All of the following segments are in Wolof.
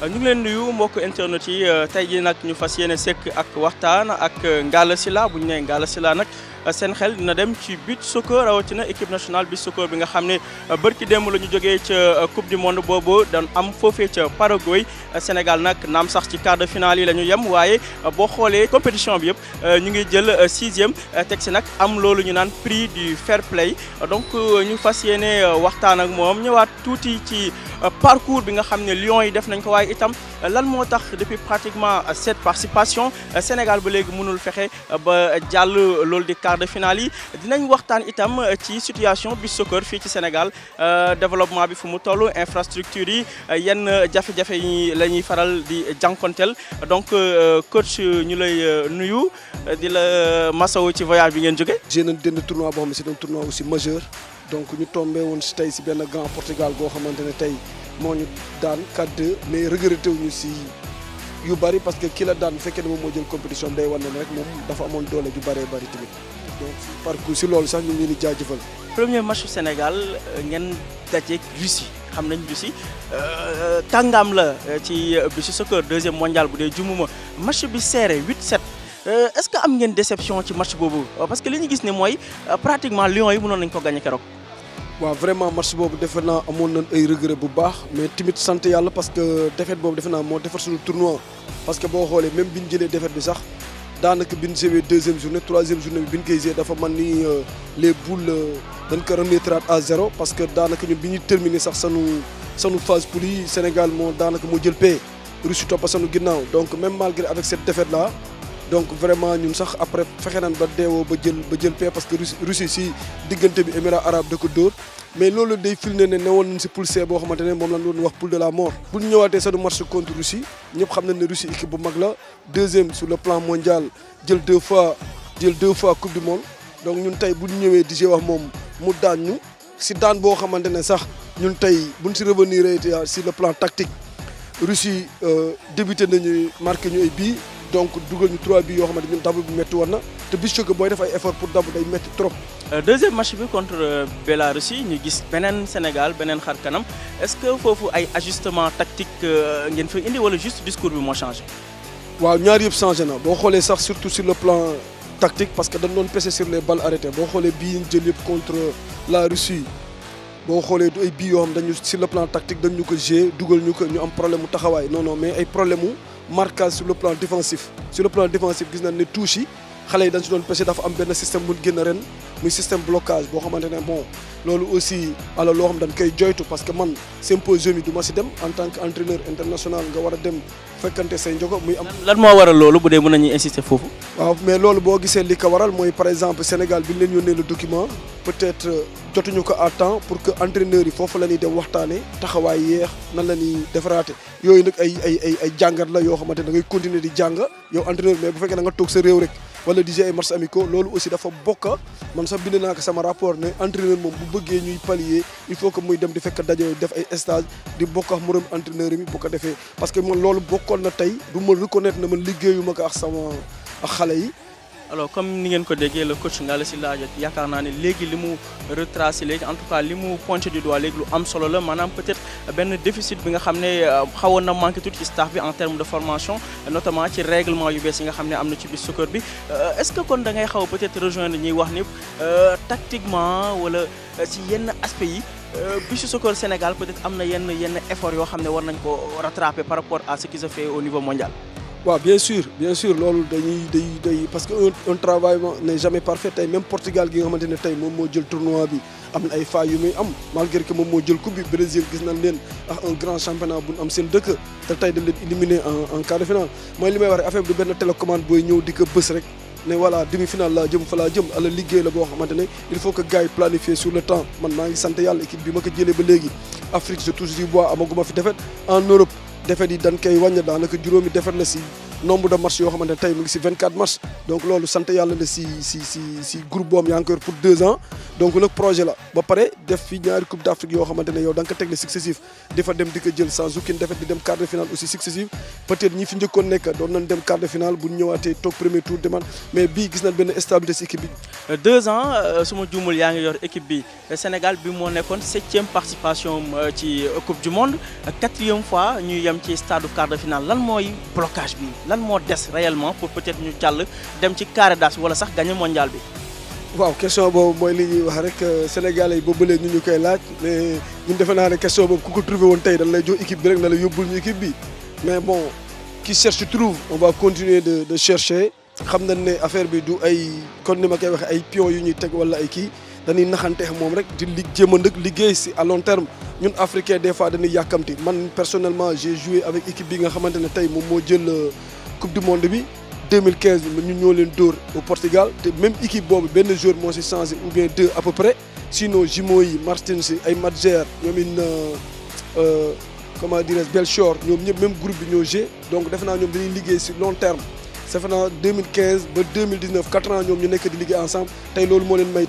Euh, ñu ngi leen nuyu mbokk internet yi euh, tey jii nag ñu fas yéene sekk ak waxtaan ak euh, Ngalla Sylla bu ñu nee Ngalla nag Euh, seen xel dina dem ci but soccer rawatina équipe nationale bi soccer bi nga xamné ne euh, bërki démb la ñu jógee euh, coupe du monde boobu doon am fofé ci Paraguay Sénégal nak nam sax ci quart de finale yi la ñu yem waaye boo xoolee compétition bi yépp ñu ngi jël sixième teg si nak am lolu ñu nane prix du fair play donc ñu fas waxtaan ak mom ñëwaat touti ci parcours bi nga xamné ne yi def nañ ko waaye itam lan mo tax depuis pratiquement cette participation Sénégal bu légui mënul fexé ba jàll lolu di quart quart de finale yi dinañ waxtaan itam euh, ci situation bi soccer fi ci Sénégal euh, développement bi fu mu toll infrastructure yi euh, yenn jafé jafé yi lañuy faral di jankontel donc coach ñu lay nuyu di la masawu ci voyage bi ngeen joggé jé nañ denn tournoi bo xam ne c'est un tournoi aussi majeur donc ñu tombé woon ci tay ci ben grand Portugal go xamante tay mo ñu daan 4-2 mais regretté wuñu ci yu bari parce que ki la daan bu fekkee ne moom moo jël compétition day wane ne rek moom dafa amoon doole ju bëree bari tamit donc parcours si loolu sax ñu ngi leen jaajëfal. premier match Sénégal ngeen dajeeg Russie xam nañ Russie kàngaam euh, la euh, ci euh, bisu soccer deuxième mondial bu dee jumuma match bi serré 8-7. est-ce que am ngeen déception ci match boobu parce que li ñu gis ne mooy pratiquement Lyon yi mënoon nañ ko gagné keroog wa vraiment match boobu defe naa amoon regret bu baax mais tamit sant yàlla parce que défaite boobu defe naa moo defar le tournoi parce que bon xoolee même bi ñu défaite bi sax daanaka bi ñu deuxième journée troisième journée bi bi ñu dafa ni euh, les boules euh, dañ ko remettre à zéro parce que daanaka ñun bi ñuy terminé sax ça nous phase poule yi Sénégal moo daanaka moo jël paie à toppa nous ginnaaw donc même malgré avec cette défaite là donc vraiment ñun sax après fexe nañ ba deewoo ba jël ba jël parce que Russie si diggante bi émirats arabe de ko mais loolu day firnde ne ne woon se si poule C boo xamante ne moom la doon wax de la mort. bu ñu ñëwaatee seen match contre Russie Nous prenons nañ Russie équipe bu mag la deuxième sur le plan mondial jël deux fois jël deux fois coupe du monde donc ñun tey bu Nous ñëwee disons wax moom mu daan si daan bo xamante ne sax ñun tay buñ si revenir sur le plan tactique Russie euh, débuté nañu marqué ñu ay donc dougal ñu 3 bi yo xamanteni ñun double bi métti woon na te Bichkek booy def ay effort pour double day metti trop. Euh, deuxième match bi contre euh, Bélarussie ñu gis benen Sénégal benen xar kanam est-ce que fofu ay ajustement tactique euh, ngeen fa indi wala juste discours bi mo changé. waaw ñaar yëpp changé na bo xolé sax surtout sur le plan tactique parce que dañ doon pesser sur les balles arrêtées bo xolé bi ñu jël yëpp contre la Russie. bo xolé du ay bi yo xam dañu sur le plan tactique dañu ko jé dougal ñu ko ñu am problème taxaway non non mais ay problème marquage sur le plan défensif sur le plan défensif gis est ne touche xalé yi dañ ci doon parce dafa am ben système bu génn ren muy système blocage bo xamantene bon lolu aussi ala lo xam dañ kay joytu parce que man symposium yi du ma si dem en tant qu'entraîneur international nga wara dem fekkante say njogo muy am. lan mo waral lolu bu dee mën nañu insister fofu waaw mais lolu bo gisee li ko waral mooy par exemple Sénégal biñ leen yónnee le document peut-être euh, jotuñu ko à temps pour que entraîneur yi fofu lañu dem waxtané taxawaay yeex nan lañu ñuy yoy nak ay ay ay jangat la yo xamante da ngay continuer di jang yow entraîneur mais bu fekké da nga toog sa rew rek wala di jouer ay matchs amicaux loolu aussi dafa bokka man sa bind naa ko sama rapport ne entraîneur mom bu bëggee ñuy pallier il faut que muy dem di fekk dajé def ay stage di bokk ak moroom entraîneur mi bu ko defee parce que man loolu bokkon na tay du ma reconnaître ne man liggéeyuma ko ak sama ak xale yi alors comme ni ngeen ko déggee le coach Ngalla Sylla yaakaar naa ne léegi li mu retracé léegi en tout cas li mu du doigt léegi lu am solo la maanaam peut-être benn déficit bi nga xam ne euh, xawoon na manqué tuuti ci staff bi en terme de formation notamment ci règlement yu bees yi nga xam ne am na ci biir soccer bi euh, est-ce que kon da ngay xaw peut-être rejoindre ñuy wax ni euh, tactiquement wala ci yenn aspect yi bi su soccer Sénégal peut-être am na yenn yenn effort yoo xam ne war nañ ko rattraper par rapport à ce qui se fait au niveau mondial waaw bien sûr bien sûr loolu dañuy day day parce que un travail n'est jamais parfait tey même Portugal gi nga xamante ne tey moom moo jël tournoi bi am na ay fa yu muy am malgré que moom moo jël coupe du Brésil gis nañ leen ak un grand championnat bu ñu am seen dëkk te tey dañ leen éliminé en en quart de finale mooy li may wax rek affaire bi du benn télécommande booy ñëw di ko rek ne voilà demi-finale laa jëm fa laa jëm ala liggéey la boo xamante ne il faut que gars planifier sur le temps man maa ngi sant yàlla équipe bi ma ko jëlee ba léegi Afrique je touche du bois amaguma fi défaite en Europe defet yi dañ koy wàññi daanaka juróomi defet la si nombre de matchs yo 24 matchs donc le sante yalla la groupe pour deux ans donc le projet la ba paré def coupe d'Afrique. yo y de finale aussi successif peut être ñi fi nek doon quart de finale bu ñu premier tour demain mais bi gis nañ stabilité équipe bi. Euh, deux ans euh, yor équipe bi euh, Sénégal bi septième participation ci coupe du monde quatrième fois ñu yam ci stade quart de finale lan blocage lan mo dess réellement pour peut-être ñu jàll dem ci carré d'as wala sax gagner mondial bi. waaw question boobu moy li ñuy wax rek euh, Sénégalais yi boobu ñu ñukay koy laaj mais ñu défé na la question boobu ku ko trouvé woon tey dañ lay jox équipe bi rek na la yobul ñu équipe bi mais bon qui cherche trouve on va continuer de de chercher xam nañ affaire bi du ay kon ni ma kay wax ay pion yu ñuy teg wala ay ki dañuy naxanteex mom rek di lig jéem a liggéey ci à long terme ñun africains des fois dañuy yakamti man personnellement j'ai joué avec équipe bi nga xamanté ne tey moom jël. Euh, coupe du monde 2015 nous sommes au Portugal même équipe boobu benn joueur moo si changé ou bien deux à peu près sinon jumeaux Martins ay Madjer une in euh, euh, comment dire, je Belchor Nous même groupe bi donc nous sommes ñoom dañuy liggéey long terme defe 2015 2019 4 ans nous ñu nekk di ensemble may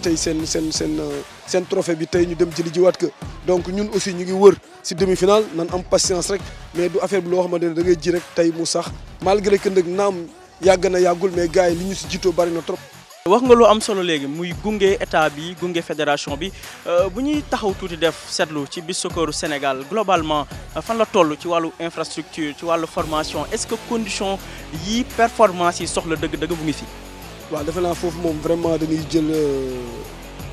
sen trophée bi tay ñu dem jëli wat ke donc ñun aussi ñu ngi wër si demi-finale nan am patience rek mais du affaire bi lo xamantene da ngay ji rek tay mu sax malgré que nag nam yag na yagul mais gaay li ñu ci jitto bari na trop. wax nga lo am solo légui muy gunge état bi gungé fédération bi euh, bu ñuy taxaw touti def setlu ci bis socceuru Sénégal globalement fan la tollu ci walu infrastructure ci walu formation est-ce que condition yi performance yi soxla deug deug bu ngi fi. waaw defe naa foofu moom vraiment dañuy jël. Euh,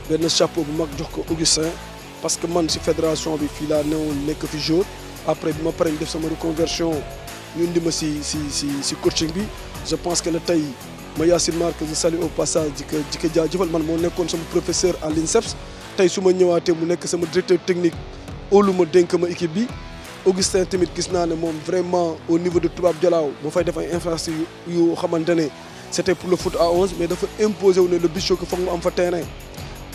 ben chapeau bu mag jox ko Augustin parce que man ci fédération bi fii laa newoon nekk fi jour après bima ma def sama reconversion ñu indi ma ci ci ci coaching bi je pense que ne tay ma Yassine Mar que je salue au passage di ko di ko jaajëfal man mo nekkon sama professeur à l'INSEPS tay suma ma mu nek sama directeur technique óolu denk ma équipe bi Augustin tamit gis naa ne moom vraiment au niveau de Toubab Dialaw mo fay def ay infrastructures yu xamantene c'était pour le foot à 11 mais dafa imposer le Bichot que foog mu am fa terrain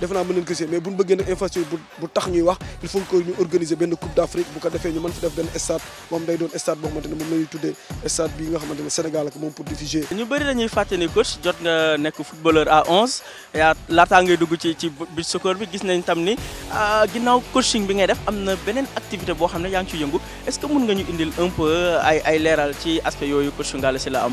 def naa mën nañ mais bu ñu bëggee nag infrastructure bu bu tax ñuy wax il faut que ñu organiser benn coupe d' afrique bu ko defee ñu mën fi def benn stade moom day doon stade boo xamante ne moom la ñuy tuddee stade bi nga xamante ne sénégal ak moom pour diviger. ñu bëri dañuy fàtte ni coach jot nga nekk footballeur à 11 yaa laataa ngay dugg ci ci bi secours bi gis nañ tam ni ah, ginnaaw coaching bi ngay def am na beneen activité boo xam ne yaa ngi ciy yëngu est ce que mun nga ñu indil un peu ay ay leeral ci aspect yooyu coach Ngalé si la am.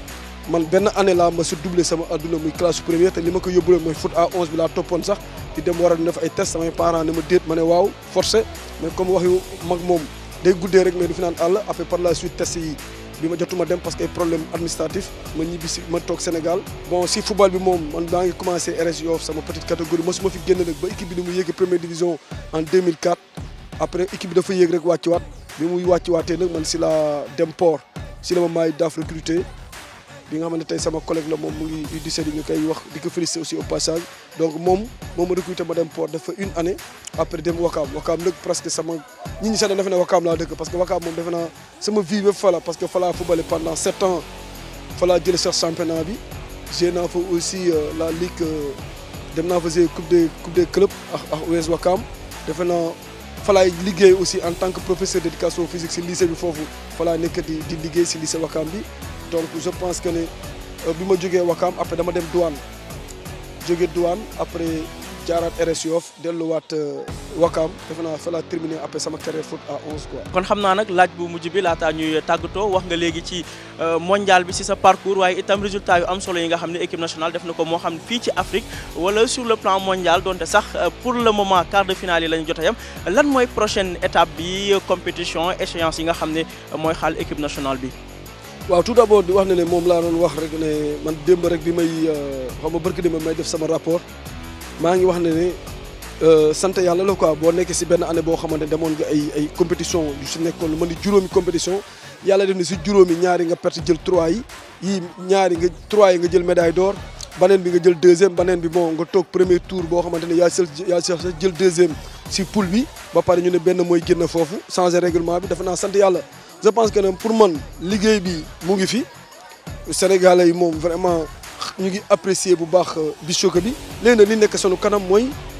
man benn année là, ma doublé sama muy classe première et li ko foot à 11 bi la toppoon sax di dem ay test parents ne ma forcé mais comme je day mais du après par la suite test yi jotuma dem parce que problème administratif ma ñibbi si ma Sénégal bon si football bi mom man daa commencer commencé sama petite catégorie je fi génn nak ba équipe bi première division en 2004 après équipe bi fa je rek wat bi muy man si la dem port la bi nga xam sama collègue la moom mu di sedd ñu wax di ko félicité aussi au passage donc moom moom recruté ma dem port dafa une année après dem Wakam Wakam nag presque sama ñi ñi sax Wakam defe naa parce que Wakam moom defe ça sama vie fala parce que falaa footballé pendant sept ans Fala jële sax championnat bi joué naa fa aussi euh, la ligue euh, dem naa fa coupe des coupe des clubs ak ak US Wakaam defe naa falaay aussi en tant que professeur d'éducation physique c'est lycée bi foofu Fala nekk di di liggéey lycée Wakambi bi donc je pense que ne euh, bi ma Wakam après dama dem douane jóge douane après jarat RS Yoff wat euh, Wakam. defe naa fa la terminé après sama carrière foot à 11 quoi. kon xamna nak nag laaj bu mujj bi ta ñuy tàggatoo wax nga légui ci euh, mondial bi ci sa parcours waye itam résultat yu am solo yi nga xamné équipe nationale def na ko xam fi ci Afrique wala sur le plan mondial Donc sax pour le moment quart de finale lañu la lan prochaine étape bi compétition échéance yi nga xamné moy xal équipe nationale bi. waaw tout d'abord di wax na ne moom laa doon wax rek ne man démb rek bi may euh, xaw ma barki démb may def sama rapport maa ngi wax ne ne euh, sant yàlla la quoi boo nekkee si benn année boo xamante ne demoon nga ay ay compétition yu si nekkoon lu mën di juróomi compétition yàlla def ne si juróomi ñaari nga perte jël trois yi yii ñaari nga trois yi nga jël médaille door baneen bi nga jël deuxième baneen bi bon nga toog premier tour boo xamante ne yaa sel yaa sel jël deuxième si poule bi ba pare ñu ne benn mooy génn foofu changer règlement bi dafa naa sant yàlla je pense que pour moi, ligue bi est fi sénégalais vraiment ñu ngi apprécier bu baax qui euh, bi kanam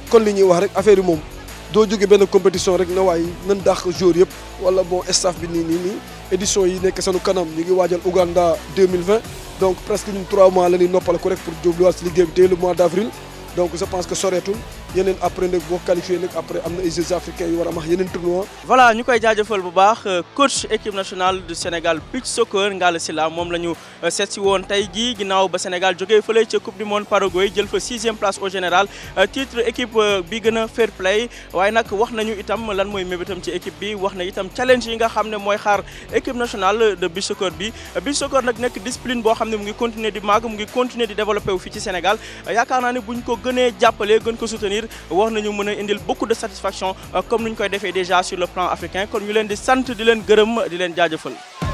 kon li ñuy wax rek compétition rek na jour staff édition kanam 2020 donc presque trois mois pour la Ligue ligue le mois d'avril, donc je pense que ça tout yeneen après qualifié après africains tournoi voilà bu euh, coach équipe nationale du Sénégal beach soccer Ngal euh, ba Sénégal coupe du monde Paraguay jël sixième place au général euh, titre équipe bi fair play way nak wax itam lan moy ci équipe bi wax itam challenge yi nga nationale de beach soccer bi soccer discipline bo xamné mu ngi continuer di mu ngi développer wu ci Sénégal buñ ko gën soutenir avenir Nous beaucoup de satisfaction euh, comme nous l'avons déjà fait déjà sur le plan africain nous ñu leen di de di leen di leen